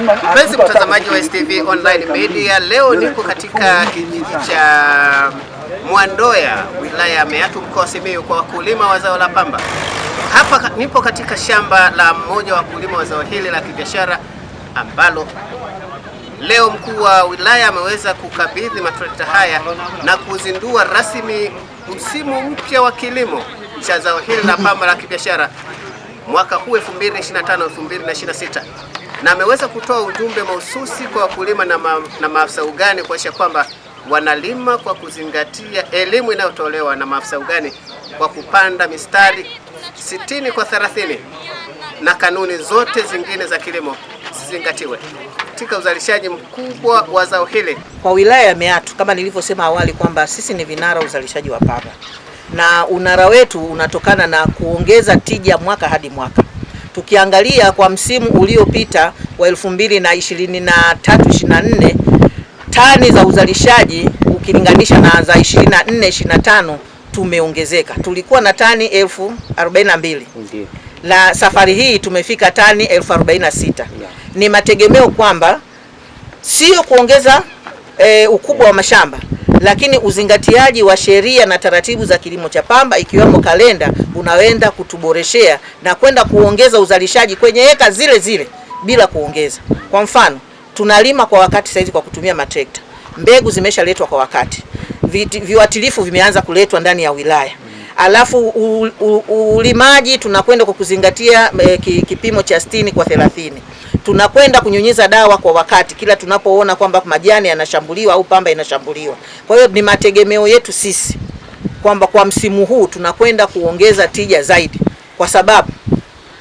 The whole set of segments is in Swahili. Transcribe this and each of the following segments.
Mpenzi mtazamaji wa STV Online Media, leo niko katika kijiji cha Mwandoya wilaya ya Meatu mkoa wa Simiyu kwa wakulima wa zao la pamba. Hapa nipo katika shamba la mmoja wa wakulima wa zao hili la kibiashara ambalo leo mkuu wa wilaya ameweza kukabidhi matrekta haya na kuzindua rasmi msimu mpya wa kilimo cha zao hili la pamba la kibiashara mwaka huu 2025 2026 na ameweza kutoa ujumbe mahususi kwa wakulima na, ma, na maafisa ugani kuhakikisha kwamba wanalima kwa kuzingatia elimu inayotolewa na maafisa ugani kwa kupanda mistari sitini kwa thelathini na kanuni zote zingine za kilimo zizingatiwe katika uzalishaji mkubwa wa zao hili. Kwa wilaya ya Meatu, kama nilivyosema awali kwamba sisi ni vinara uzalishaji wa pamba na unara wetu unatokana na kuongeza tija mwaka hadi mwaka. Tukiangalia kwa msimu uliopita wa 2023 24 tani za uzalishaji ukilinganisha na za 24 25 tumeongezeka. Tulikuwa na tani elfu 42 ndio, na safari hii tumefika tani elfu 46. Ni mategemeo kwamba sio kuongeza e, ukubwa wa mashamba lakini uzingatiaji wa sheria na taratibu za kilimo cha pamba ikiwemo kalenda unaenda kutuboreshea na kwenda kuongeza uzalishaji kwenye eka zile zile bila kuongeza. Kwa mfano, tunalima kwa wakati saizi kwa kutumia matrekta, mbegu zimeshaletwa kwa wakati, viuatilifu vimeanza kuletwa ndani ya wilaya alafu u, u, u, ulimaji tunakwenda kwa kuzingatia e, kipimo cha 60 kwa 30 tunakwenda kunyunyiza dawa kwa wakati kila tunapoona kwamba majani yanashambuliwa au pamba inashambuliwa. Kwa hiyo ni mategemeo yetu sisi kwamba kwa msimu huu tunakwenda kuongeza tija zaidi, kwa sababu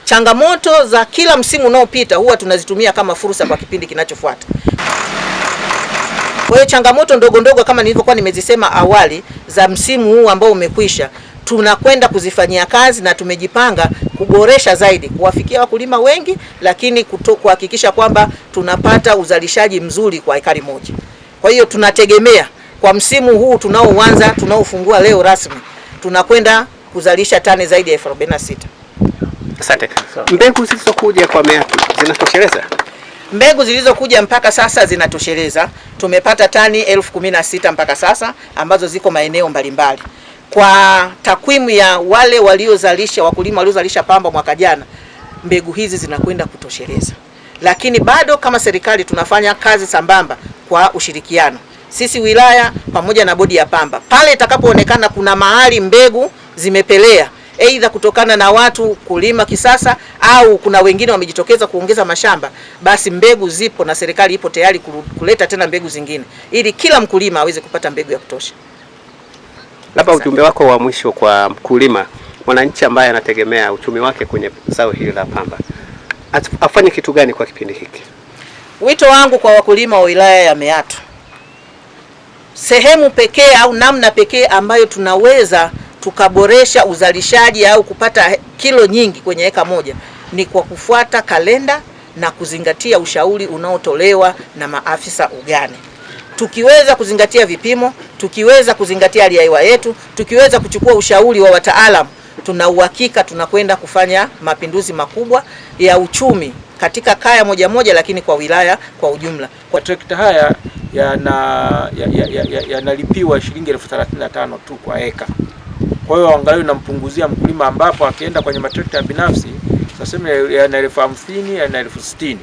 changamoto za kila msimu unaopita huwa tunazitumia kama fursa kwa kipindi kinachofuata. Kwa hiyo changamoto ndogo ndogo kama nilivyokuwa nimezisema awali za msimu huu ambao umekwisha tunakwenda kuzifanyia kazi na tumejipanga kuboresha zaidi, kuwafikia wakulima wengi, lakini kuhakikisha kwamba tunapata uzalishaji mzuri kwa ekari moja. Kwa hiyo tunategemea kwa msimu huu tunaoanza, tunaofungua leo rasmi, tunakwenda kuzalisha tani zaidi ya elfu arobaini na sita. Asante. Mbegu zilizokuja kwa MEATU zinatosheleza? Mbegu zilizokuja mpaka sasa zinatosheleza. Tumepata tani elfu kumi na sita mpaka sasa ambazo ziko maeneo mbalimbali kwa takwimu ya wale waliozalisha, wakulima waliozalisha pamba mwaka jana, mbegu hizi zinakwenda kutosheleza, lakini bado kama serikali tunafanya kazi sambamba kwa ushirikiano, sisi wilaya pamoja na bodi ya pamba, pale itakapoonekana kuna mahali mbegu zimepelea aidha kutokana na watu kulima kisasa au kuna wengine wamejitokeza kuongeza mashamba, basi mbegu zipo na serikali ipo tayari kuleta tena mbegu zingine ili kila mkulima aweze kupata mbegu ya kutosha. Labda ujumbe wako wa mwisho kwa mkulima, mwananchi ambaye anategemea uchumi wake kwenye zao hili la pamba, afanye kitu gani kwa kipindi hiki? Wito wangu kwa wakulima wa wilaya ya Meatu, sehemu pekee au namna pekee ambayo tunaweza tukaboresha uzalishaji au kupata kilo nyingi kwenye eka moja ni kwa kufuata kalenda na kuzingatia ushauri unaotolewa na maafisa ugani. Tukiweza kuzingatia vipimo tukiweza kuzingatia hali ya hewa yetu, tukiweza kuchukua ushauri wa wataalamu, tuna uhakika tunakwenda kufanya mapinduzi makubwa ya uchumi katika kaya moja moja, lakini kwa wilaya kwa ujumla. Kwa trekta haya yanalipiwa ya, ya, ya, ya shilingi elfu thelathini na tano tu kwa eka. Kwa hiyo angalau inampunguzia mkulima, ambapo akienda kwenye matrekta ya binafsi sasa yana elfu hamsini yana elfu sitini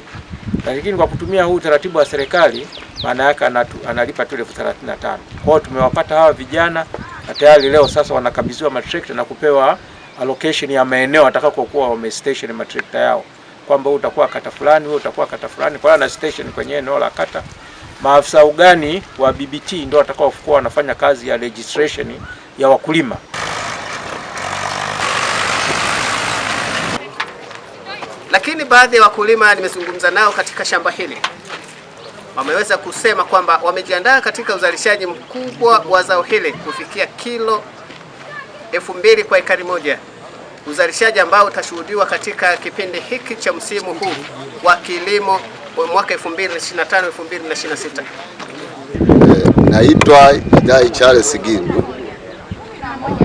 lakini kwa kutumia huu utaratibu wa serikali maana yake analipa tu elfu thelathini na tano. Kwa hiyo tumewapata hawa vijana na tayari leo sasa wanakabidhiwa matrekta na kupewa allocation ya maeneo atakakokuwa wame station matrekta yao, kwamba huu utakuwa kata fulani, huu utakuwa kata fulani, kwa hiyo ana station kwenye eneo la kata. Maafisa ugani wa BBT ndio watakaokuwa wanafanya kazi ya registration ya wakulima. baadhi ya wakulima nimezungumza nao katika shamba hili wameweza kusema kwamba wamejiandaa katika uzalishaji mkubwa wa zao hili kufikia kilo elfu mbili kwa ekari moja, uzalishaji ambao utashuhudiwa katika kipindi hiki cha msimu huu wa kilimo mwaka 2025 2026. Naitwa Idai Charles Gindu,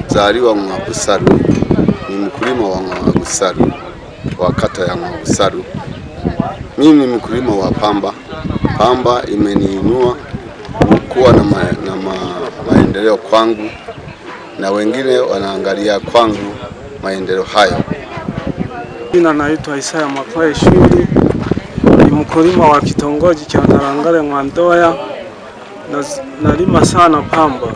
mzaliwa Mwagusalu, ni mkulima wa Mwagusalu wa kata ya Mausadu. Mimi ni mkulima wa pamba. Pamba imeniinua kuwa na, ma, na ma, maendeleo kwangu na wengine wanaangalia kwangu maendeleo hayo. Jina naitwa Isaya Makwae Shuli, ni mkulima wa kitongoji cha Ntarangale Mwandoya na nalima sana pamba.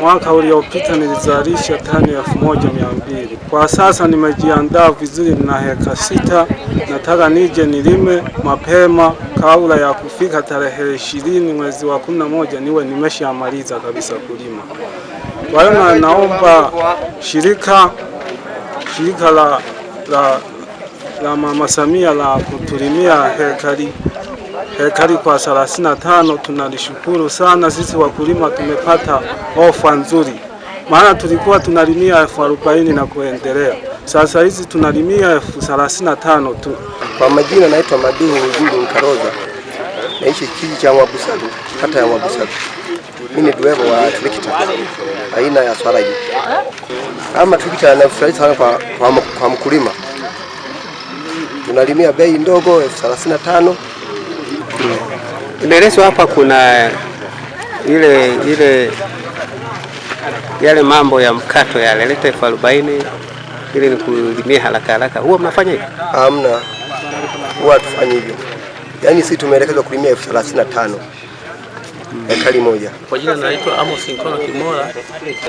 Mwaka uliopita nilizalisha tani elfu moja mia mbili. Kwa sasa nimejiandaa vizuri na heka sita. Nataka nije nilime mapema kabla ya kufika tarehe ishirini mwezi wa kumi na moja niwe nimeshamaliza kabisa kulima. Kwa hiyo na naomba shirika shirika la, la, la Mama Samia la kutulimia hekari hekari kwa 35. Tunalishukuru sana sisi wakulima, tumepata ofa nzuri, maana tulikuwa tunalimia elfu arobaini na kuendelea, sasa hizi tunalimia elfu 35 tu. Kwa majina naitwa Maduhu Uzuri nkaroza naishi kijiji cha Mwabusalu, kata ya Mwabusalu. Mimi ni wa trekta aina ya swaraji. Ama trekta anafurahi sana kwa, kwa, kwa mkulima. Tunalimia bei ndogo elfu 35 Inaelezwa hapa kuna ile ile yale mambo ya mkato yale, leta elfu arobaini ili ni kulimia haraka haraka. Huwa mnafanya hivyo? Hamna, huwa tufanye hivyo. Yaani sisi tumeelekezwa kulimia elfu thelathini na tano ekari moja. Kwa jina naitwa Amos Nkono Kimora,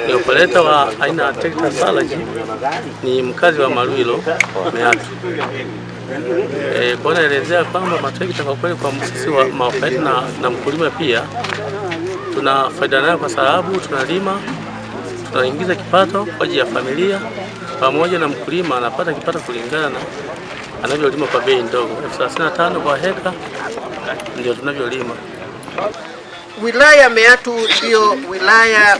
ni operator wa aina ya trekta salaji, ni mkazi wa Maruilo Meatu. E, kwa naelezea kwamba matrekta kwa kweli kwa msisi wa maofai na, na mkulima pia tuna faida nayo kwa sababu tunalima tunaingiza kipato kwa ajili ya familia pamoja na mkulima anapata kipato kulingana na anavyolima kwa bei ndogo elfu thelathini na tano kwa heka ndio tunavyolima. Wilaya ya Meatu ndiyo wilaya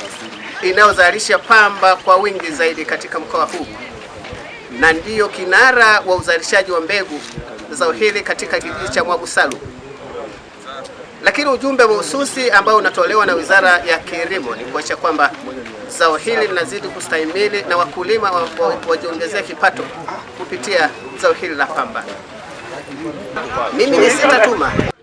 inayozalisha pamba kwa wingi zaidi katika mkoa huu na ndiyo kinara wa uzalishaji wa mbegu zao hili katika kijiji cha Mwagusalu. Lakini ujumbe mahususi ambao unatolewa na Wizara ya Kilimo ni kuacha kwamba zao hili linazidi kustahimili na wakulima wajiongezea kipato kupitia zao hili la pamba. Mimi ni Sita Tuma.